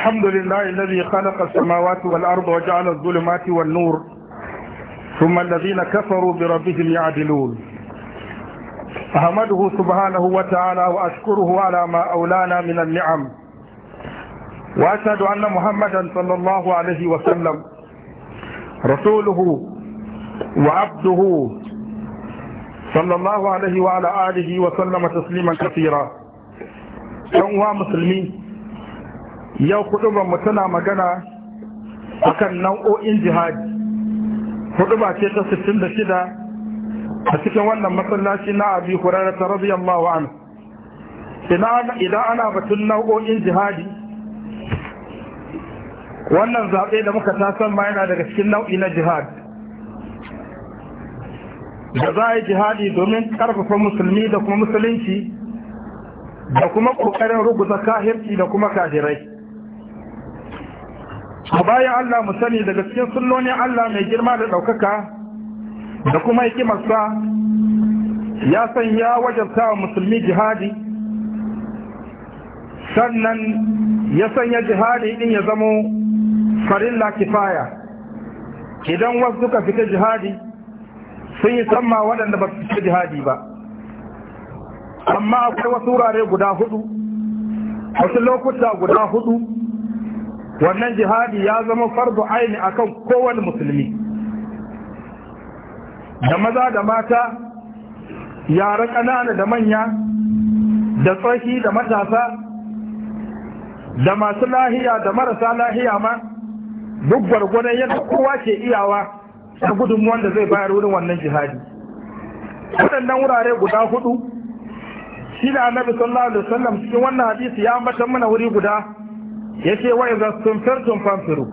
الحمد لله الذي خلق السماوات والأرض وجعل الظلمات والنور ثم الذين كفروا بربهم يعدلون أحمده سبحانه وتعالى وأشكره على ما أولانا من النعم وأشهد أن محمدا صلى الله عليه وسلم رسوله وعبده صلى الله عليه وعلى آله وسلم تسليما كثيرا أيها مسلمين yau kudubar mu tana magana akan nau'o'in jihadi kuduba ce ta 66 a cikin wannan masallaci na abi hurara ta radiyallahu anhu idan ana batun nau'o'in jihadi wannan zaɓe da muka tasan ma yana daga cikin nau'i na jihad da za a yi jihadi domin ƙarfafa musulmi da kuma musulunci da kuma ƙoƙarin rubuta kahirci da kuma kajirai. a bayan Allah mu sani daga cikin sunnonin Allah mai girma da ɗaukaka da kuma hikimarsa ya sanya wajabta wa musulmi jihadi sannan ya sanya jihadi din ya zamo farilla kifaya idan wasu suka fita jihadi sun yi sama waɗanda ba su fita jihadi ba amma akwai wasu wurare guda hudu wasu lokuta guda hudu wannan jihadi ya zama fardu aini akan kowane musulmi da maza da mata yara ƙanana da manya da tsohi da matasa da masu lahiya da marasa lahiya ma duk gwargwadon yadda kowa ke iyawa da gudunmuwan da zai bayar wurin wannan jihadi waɗannan wurare guda hudu shi da annabi sallallahu alaihi wasallam cikin wannan hadisi ya ambata mana wuri guda ya ce wa idan sun firtun fanfiru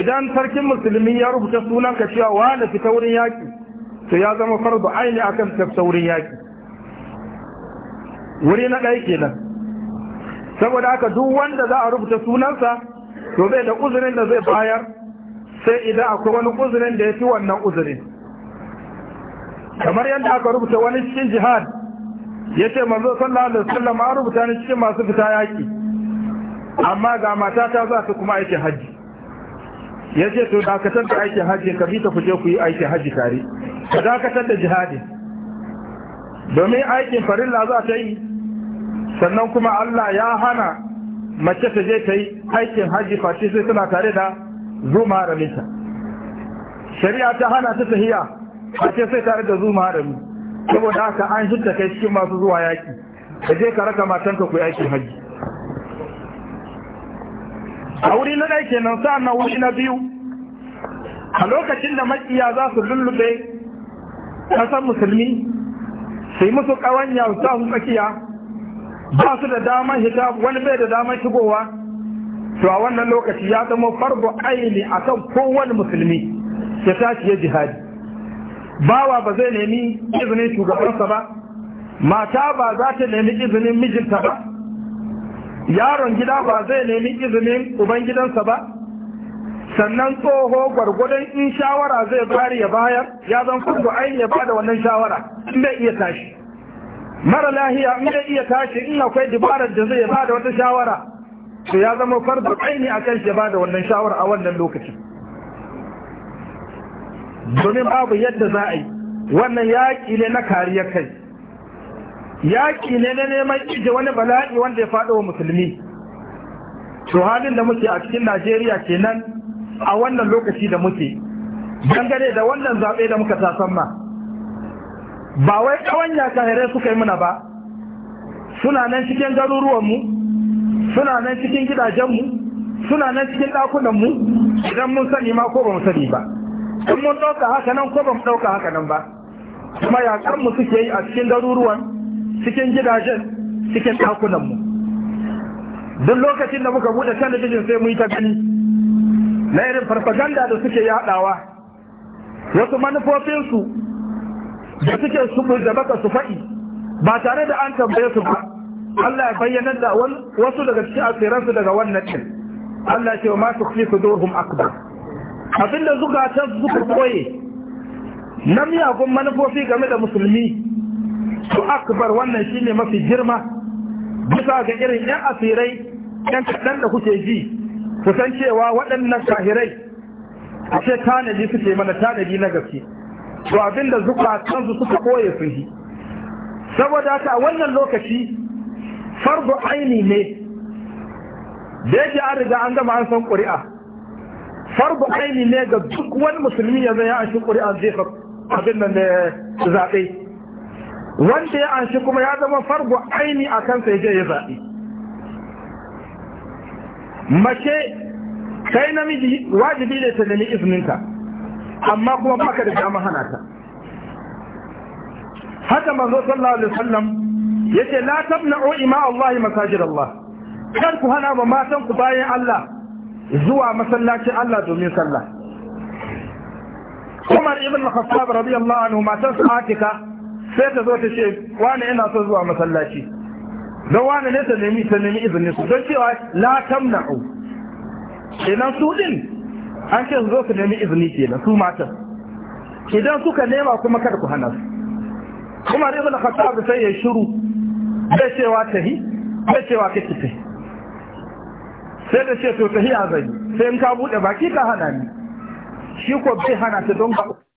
idan sarkin musulmi ya rubuta sunan ka cewa wani fita wurin yaki to ya zama farzu aini akan fita wurin wuri na ɗaya kenan saboda haka duk wanda za a rubuta sunansa to bai da uzurin da zai bayar sai idan akwai wani uzurin da ya fi wannan uzurin kamar yadda aka rubuta wani cikin jihad ya ce manzo sallallahu alaihi wasallam an rubuta ni cikin masu fita yaki amma ga matata za su kuma aikin hajji ya ce to dakatar da aikin hajji ka bi ta kuje ku yi aikin hajji tare ka dakatar da jihadi domin aikin farilla za ta yi sannan kuma Allah ya hana mace ta je ta yi aikin hajji face sai suna tare da zuma haraminta shari'a ta hana ta tahiya face sai tare da zuma harami saboda haka an hita kai cikin masu zuwa yaki ka je ka raka matanka ku yi aikin hajji a wuri na ɗaya kenan sa na wuri na biyu a lokacin da makiya za su lullube ƙasar musulmi sai yi musu ƙawanya sa su tsakiya ba su da damar hita wani bai da damar shigowa to a wannan lokaci ya zama farbo aini a kan kowane musulmi ya tashi ya jihadi bawa ba zai nemi izinin shugabansa ba mata ba za ta nemi izinin mijinta ba yaron gida ba zai nemi izinin uban gidansa ba sannan tsoho gwargwadon in shawara zai bari ya bayar ya zan kudu aini ya bada wannan shawara in bai iya tashi mara lahiya in bai iya tashi in akwai dabarar da zai bada wata shawara to ya zama farko aini a kan shi ya bada wannan shawara a wannan lokacin domin babu yadda za a yi wannan yaƙi ne na kariyar kai yaƙi ne na neman ije wani bala'i wanda ya faɗo wa musulmi to halin da muke a cikin najeriya kenan a wannan lokaci da muke dangane da wannan zaɓe da muka ma ba wai ka kahirai suka yi muna ba suna nan cikin garuruwanmu suna nan cikin gidajenmu suna nan cikin ɗakunanmu idan mun sani ma ko ba mu sani ba in mun ɗauka haka nan ko ba mu ɗauka haka nan ba kuma yaƙar mu suke yi a cikin garuruwan cikin gidajen cikin ɗakunanmu duk lokacin da muka buɗe talabijin sai mu yi ta gani na irin farfaganda da suke yaɗawa wasu manufofinsu da suke suɓu da baka su faɗi ba tare da an tambaye su ba Allah ya bayyana da wasu daga cikin asiransu daga wannan ɗin Allah ce wa masu fi su dohun akbar abinda zukatan su koye na miyagun manufofi game da musulmi Su akbar wannan shine mafi girma bisa ga irin yan asirai yan kaɗan da kuke ji ku san cewa waɗannan kahirai a ce tanadi suke mana tanadi na gaske to abinda zukatansu suka ɓoye sun yi saboda ta a wannan lokaci farzo aini ne da yake an riga an gama an san ƙuri'a farzo aini ne ga duk wani musulmi ya zai ya an shi ƙuri'a zai abin nan eh, zaɓe wanda ya anshi kuma ya zama fargo aini a kansa ya je ya zaɓi mace kai namiji wajibi ne ta nemi izininta amma kuma baka da dama hana ta haka manzo sallallahu alaihi wasallam yace la tabna'u ima Allah masajid Allah kar ku hana ba matan ku bayan Allah zuwa masallacin Allah domin sallah Umar ibn Khattab radiyallahu anhu matan Atika sai ta zo ta ce wani ina son zuwa masallaci don wani ne ta nemi ta nemi izinin su don cewa la tamna'u Idan su din an ce su zo su nemi izini kenan su matan idan suka nema kuma kada ku hana su kuma kasa khattab sai ya shiru bai cewa tahi bai cewa ta tahi sai da ce to tahi a zai sai in ka bude baki ka hana ni shi ko bai hana ta don ba